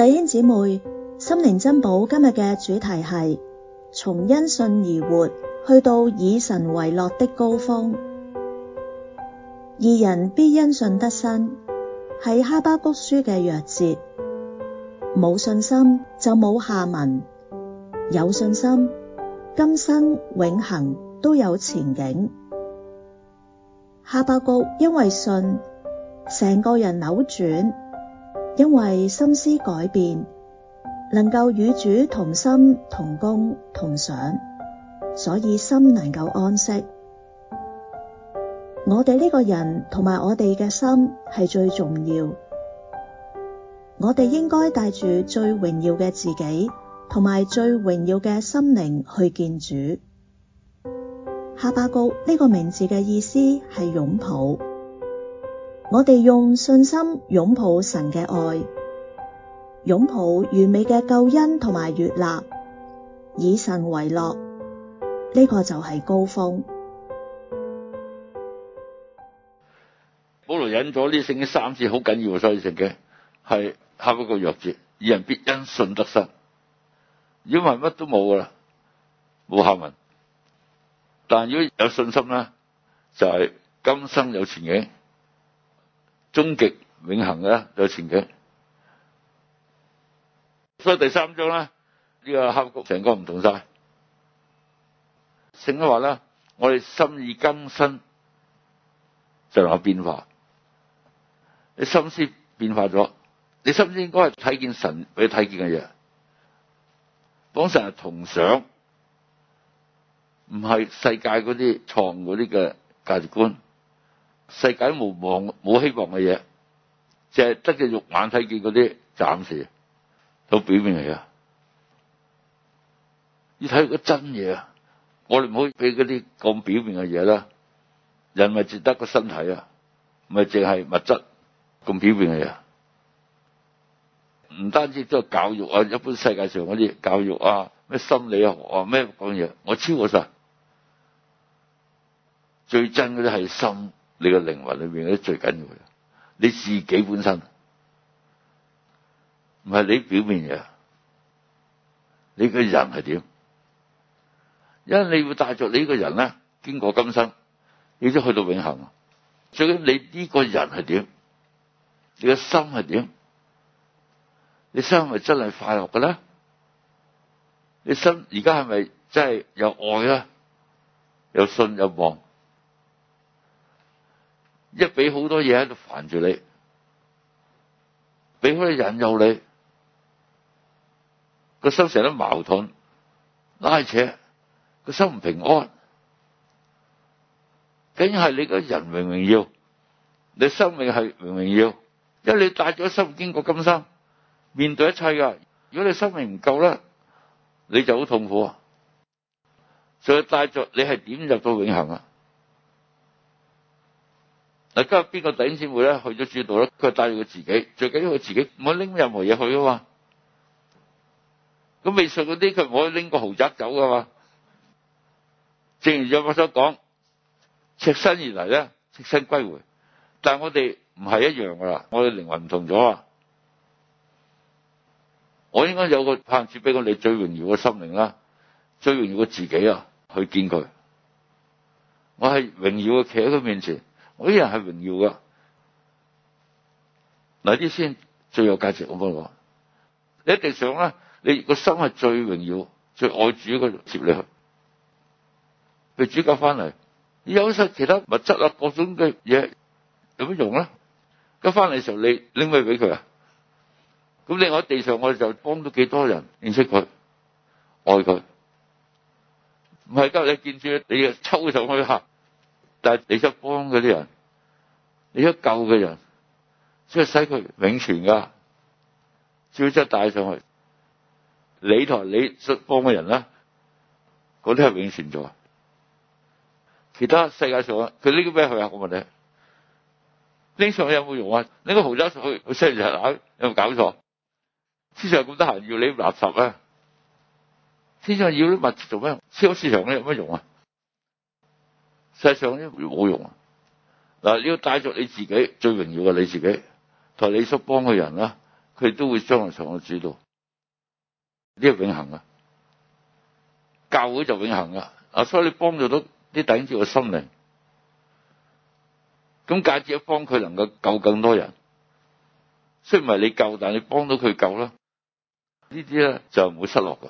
弟兄姊妹，心靈珍寶今日嘅主題係從因信而活去到以神為樂的高峰。二人必因信得生，係哈巴谷書嘅弱節。冇信心就冇下文，有信心今生永恒都有前景。哈巴谷因為信，成個人扭轉。因為心思改變，能夠與主同心同工同想，所以心能夠安息。我哋呢個人同埋我哋嘅心係最重要，我哋應該帶住最榮耀嘅自己同埋最榮耀嘅心靈去見主。哈巴谷呢個名字嘅意思係擁抱。我哋用信心擁抱神嘅愛，擁抱完美嘅救恩同埋悅納，以神為樂，呢、這個就係高峰。保羅引咗呢聖經三次好緊要的，所以聖經係下一個，個弱節以人必因信得生，如果唔係乜都冇㗎喇，冇下文。但如果有信心咧，就係、是、今生有前景」。終極永恒嘅有前景，所以第三章咧呢個格局成個唔同晒。聖經話咧，我哋心意更新就有變化。你心思變化咗，你心思應該係睇見神俾你睇見嘅嘢。講神係同想，唔係世界嗰啲創嗰啲嘅價值觀。世界冇望冇希望嘅嘢，淨係得只肉眼睇見嗰啲暫時，都表面嚟噶。要睇個真嘢啊！我哋唔可以俾嗰啲咁表面嘅嘢啦。人咪值得個身體啊，咪淨係物質咁表面嘅嘢。唔單止都係教育啊，一般世界上嗰啲教育啊，咩心理學啊，咩講嘢，我超過晒。最真嗰啲係心。你個靈魂裏邊嗰啲最緊要，你自己本身唔係你表面嘅，你個人係點？因為你會帶著你呢個人咧，經過今生，你都去到永恒。最緊你呢個人係點？你個心係點？你心係真係快樂嘅咧？你心而家係咪真係有愛咧？有信有望？一俾好多嘢喺度煩住你，俾佢哋引誘你，個心成日都矛盾拉扯，個心唔平安，梗係你個人明明要，你生命係明明要，因為你帶咗心經過今生面對一切噶，如果你生命唔夠咧，你就好痛苦啊！所以帶著你係點入到永恆啊！嗱，今日邊個弟兄姊妹咧去咗主道咧？佢帶住佢自己，最緊要佢自己唔好拎任何嘢去啊嘛。咁未信嗰啲佢唔可以拎個豪宅走噶嘛。正如我所講，赤身而嚟咧，赤身歸回。但係我哋唔係一樣噶啦，我哋靈魂唔同咗啦。我應該有個盼望，賜俾我哋最榮耀嘅心靈啦，最榮耀嘅自己啊，去見佢。我係榮耀嘅，企喺佢面前。嗰啲人係榮耀噶，嗱啲先最有價值。我幫你講，你喺地上咧，你個心係最榮耀、最愛主嘅，接你去。佢主教翻嚟，你有曬其他物質啊，各種嘅嘢有乜用呢？咁翻嚟時候，你拎咩俾佢啊？咁你喺地上我哋就幫到幾多人認識佢，愛佢，唔係今日你見住你抽上去嚇，但係你想幫嗰啲人。你一救嘅人，即係使佢永存噶，只要係帶上去，你同你信幫嘅人啦，嗰啲係永存咗。其他世界上佢拎個咩去啊？我問你，拎上去有冇用啊？拎個豪宅上去，佢升唔上樓？有冇搞錯？市場咁得閒要你垃圾啊？市場要啲物做咩？超市場啲有乜用啊？世界上啲冇用。嗱，你要帶着你自己最榮耀嘅你自己同你所幫嘅人啦，佢都會將嚟上我主度，呢個永恆啊！教會就永恆啊！啊，所以你幫助到啲弟兄嘅心靈，咁假介一幫佢能夠救更多人。雖然唔係你救，但係你幫到佢救啦。呢啲咧就唔會失落嘅。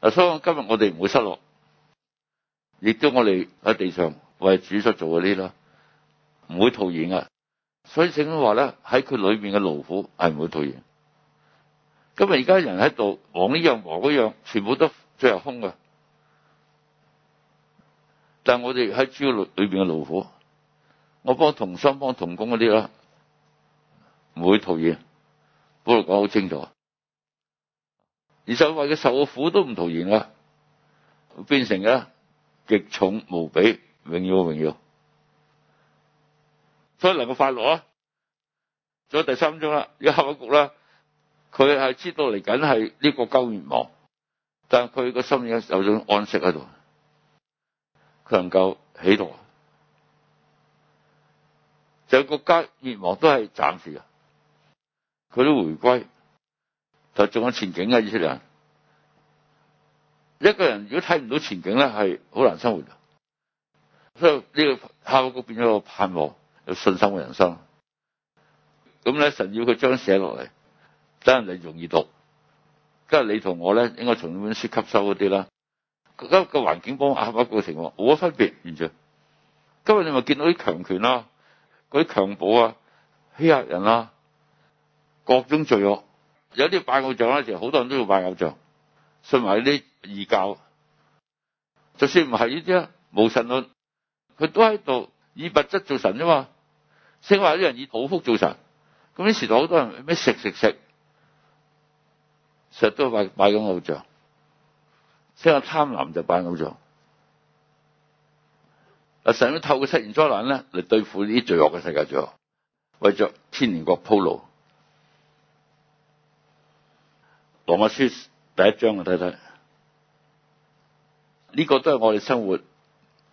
啊，所以今天我今日我哋唔會失落，亦都我哋喺地上。為主所做嗰啲啦，唔會徒然噶。所以聖經話咧，喺佢裏邊嘅勞苦係唔會徒然。今日而家人喺度，王呢樣王嗰樣，全部都最後空噶。但係我哋喺主要裏邊嘅勞苦，我幫同心幫同工嗰啲啦，唔會徒然，幫我講好清楚。而且為佢嘅受嘅苦都唔徒然啊，變成啊極重無比。榮耀啊，榮耀！所以能夠快樂啊，仲有第三章啦，要下一局啦。佢係知道嚟緊係呢個高滅亡，但係佢個心有有種安息喺度，佢能夠起落。就係國家滅亡都係暫時嘅，佢都回歸，但係仲有前景嘅。以色列人，一個人如果睇唔到前景咧，係好難生活。所以呢個效果變咗個盼望，有信心嘅人生。咁咧，神要佢將寫落嚟，真係你容易讀。今日你同我咧，應該從呢本書吸收嗰啲啦。今日個環境幫阿伯個情況冇乜分別，完全。今日你咪見到啲強權啦、啊，嗰啲強暴啊，欺壓人啦、啊，各種罪惡。有啲拜偶像咧，其實好多人都要拜偶像，信埋啲異教。就算唔係呢啲，冇神論。佢都喺度以物質做神啫嘛，升華啲人以抱福做神，咁呢時代好多人咩食食食，成日都拜拜緊偶像，成日貪婪就拜偶像。阿神都透過七件災難咧嚟，對付呢啲罪惡嘅世界罪惡，為咗千年國鋪路。《羅馬書》第一章我睇睇呢個都係我哋生活。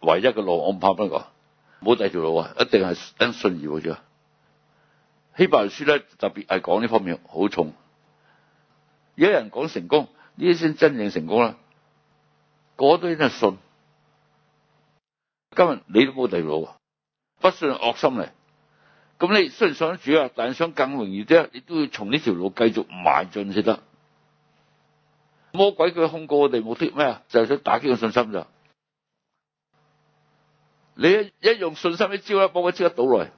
唯一嘅路，我唔怕乜嘢，冇第二條路啊！一定係因信而活。希伯來書咧特別係講呢方面好重。有人講成功，呢啲先真正成功啦。嗰都真係信。今日你都冇第二條路啊！不信惡心嚟。咁你雖然信主啊，但係想更容易啲，你都要從呢條路繼續邁進先得。魔鬼佢控告我哋冇啲咩啊，就係想打擊個信心咋。你一用信心一招一波，佢招得到。來。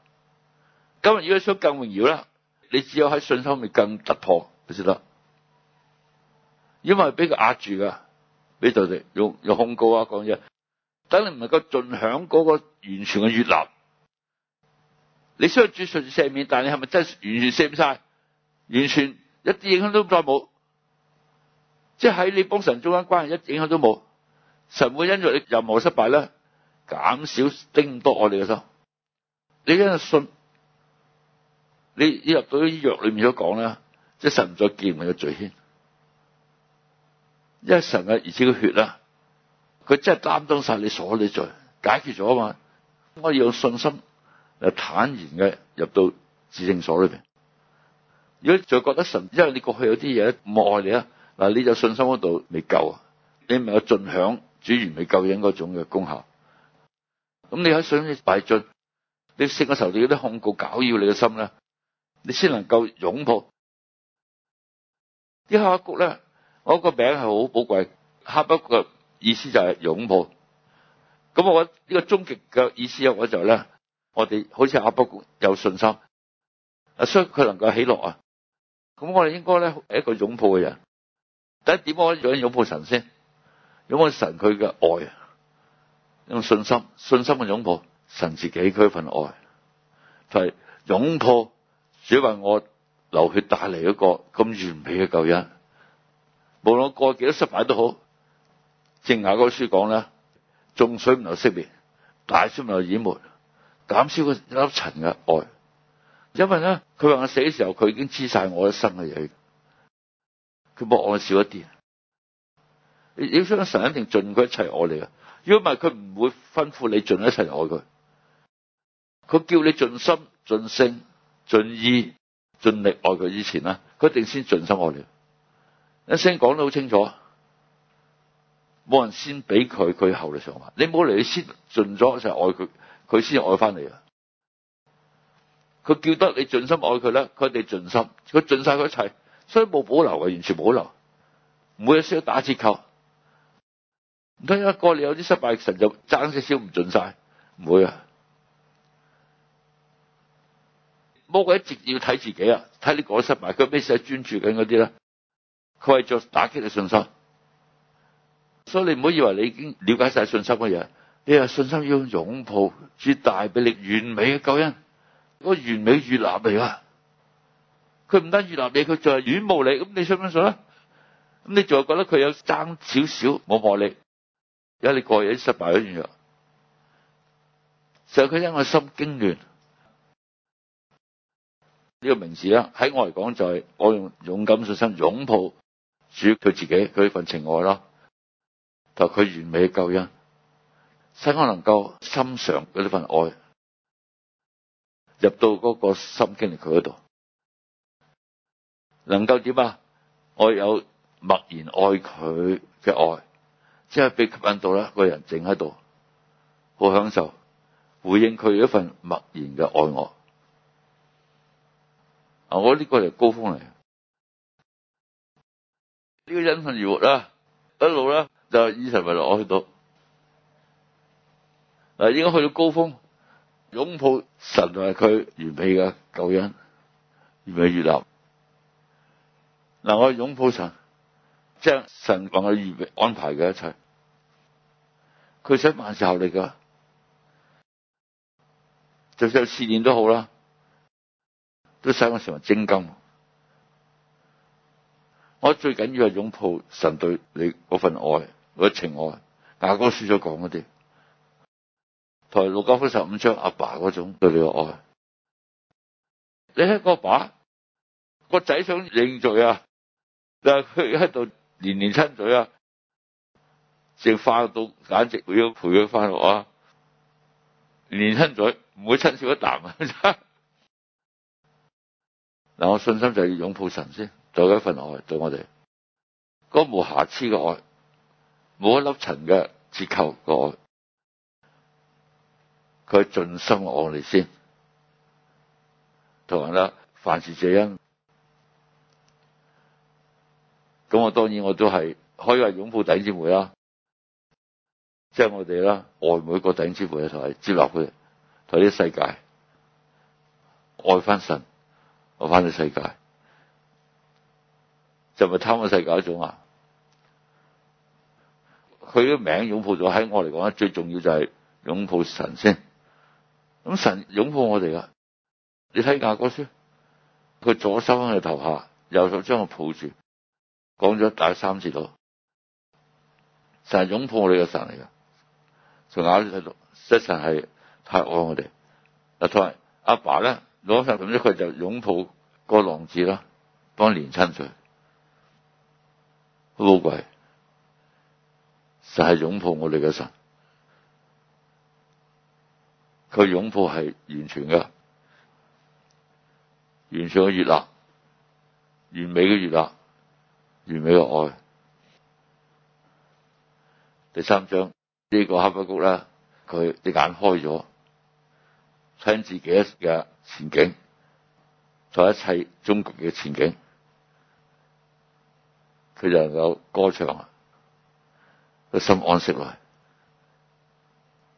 今日如果想更榮耀啦，你只有喺信心裏更突破你知得。因為俾佢壓住噶，俾佢哋用用控告啊，講嘢。等你唔能夠盡享嗰個完全嘅悅納。你需要轉順赦免，但係你係咪真係完全赦免晒？完全一啲影響都再冇。即係喺你幫神中間關係一影響都冇，神唔會因着你任何失敗咧。減少拎咁多我哋嘅心，你而家信你，你入到啲藥裏面都講啦，即係神唔再見你嘅罪愆，因為神嘅兒子嘅血啦，佢真係擔當晒你所有嘅罪，解決咗啊嘛。我要有信心嚟坦然嘅入到自證所裏邊。如果仲覺得神，因為你過去有啲嘢唔愛你啊，嗱你就信心嗰度未夠啊，你唔係有盡享主完美救恩嗰種嘅功效。咁你喺上面敗盡，你食個時候你有啲控告搞擾你嘅心咧，你先能夠擁抱。啲黑谷咧，我個名係好寶貴，黑谷意思就係擁抱。咁我呢、這個終極嘅意思咧、就是，我就咧，我哋好似阿伯谷有信心，啊，所以佢能夠喜樂啊。咁我哋應該咧係一個擁抱嘅人。第一點，我可以擁擁抱神先，擁抱神佢嘅愛啊！用信心，信心嘅擁抱，神自己佢一份愛，就係、是、擁抱，只要為我流血帶嚟一個咁完美嘅救恩。無論過幾多失敗都好，淨雅嗰本書講啦，眾水唔能熄滅，大水唔能淹沒，減少一粒塵嘅愛。因為咧，佢話我死嘅時候，佢已經知晒我一生嘅嘢，佢冇愛少一啲。你要相信神一定盡佢一切愛你啊！如果唔係佢唔會吩咐你盡一切愛佢，佢叫你盡心、盡性、盡意、盡力愛佢以前啦，佢一定先盡心愛你。一聲講得好清楚，冇人先俾佢，佢後嚟上話，你冇嚟，你先盡咗一切愛佢，佢先愛翻你啊！佢叫得你盡心愛佢咧，佢哋盡心，佢盡晒佢一切，所以冇保留嘅，完全保留，唔會需要打折扣。唔通一個你有啲失敗，神就爭少少唔盡晒，唔會啊！魔鬼一直要睇自己啊，睇你嗰失敗，佢邊使專注緊嗰啲咧？佢係做打擊嘅信心，所以你唔好以為你已經了解晒信心嘅嘢。你啊，信心要擁抱最大俾力完美嘅救恩，嗰完美越南嚟啊？佢唔得越南嘢，佢仲係軟暴力。咁你信唔信啊？咁你仲係覺得佢有爭少少冇磨力？而家你過去失敗咗一樣嘢，就係佢因為心經亂呢個名字呀。喺我嚟講就係、是、我用勇敢信心擁抱住佢自己佢呢份情愛咯。就佢完美嘅救恩，使我能夠心嘗佢呢份愛入到嗰個心經歷佢嗰度，能夠點啊？我有默然愛佢嘅愛。即係被吸引到啦，個人靜喺度，好享受回應佢一份默然嘅愛我。啊，我呢個就高峰嚟，呢、這個因信而活啦，一路咧就以神為樂去到嗱，應該去到高峰，擁抱神同埋佢完美嘅救恩，完美悅納，嗱我擁抱神。即係神能夠預備安排嘅一切，佢想萬事效力噶，就算有試煉都好啦，都使我成為精金。我最緊要係擁抱神對你嗰份愛，嗰情愛。牙哥輸咗講嗰啲，台六家福十五章阿爸嗰種對你嘅愛。你睇個爸個仔想認罪啊，但係佢喺度。年年親嘴啊，食飯到簡直會要陪佢翻學啊，年年親嘴，唔會親少一啖啊！嗱， 我信心就要擁抱神先，做一份愛，對我哋嗰無瑕疵嘅愛，冇一粒塵嘅折扣嘅愛，佢盡心愛我哋先。同樣啦，凡事這樣。咁我當然我都係可以話擁抱弟兄姊妹啦，即係我哋啦，愛每個一個弟兄姊妹同埋接納佢，同啲世界愛翻神，愛翻啲世界，就咪、是、貪揾世界嗰種啊！佢嘅名擁抱咗喺我嚟講最重要就係擁抱神先。咁神擁抱我哋噶，你睇雅歌書，佢左手喺我頭下，右手將我抱住。講咗第三次就係擁抱我哋嘅神嚟㗎。仲咬住佢讀，即係神太愛我哋。阿太阿爸咧攞上咁一佢就擁抱個浪子啦，當年親佢，好貴，就係擁抱我哋嘅神，佢擁抱係完全嘅，完全嘅接納，完美嘅接納。完美嘅愛。第三章呢、呢個哈巴谷啦，佢隻眼開咗，睇自己一嘅前景，睇一切中國嘅前景，佢就有歌唱啊，個心安息來。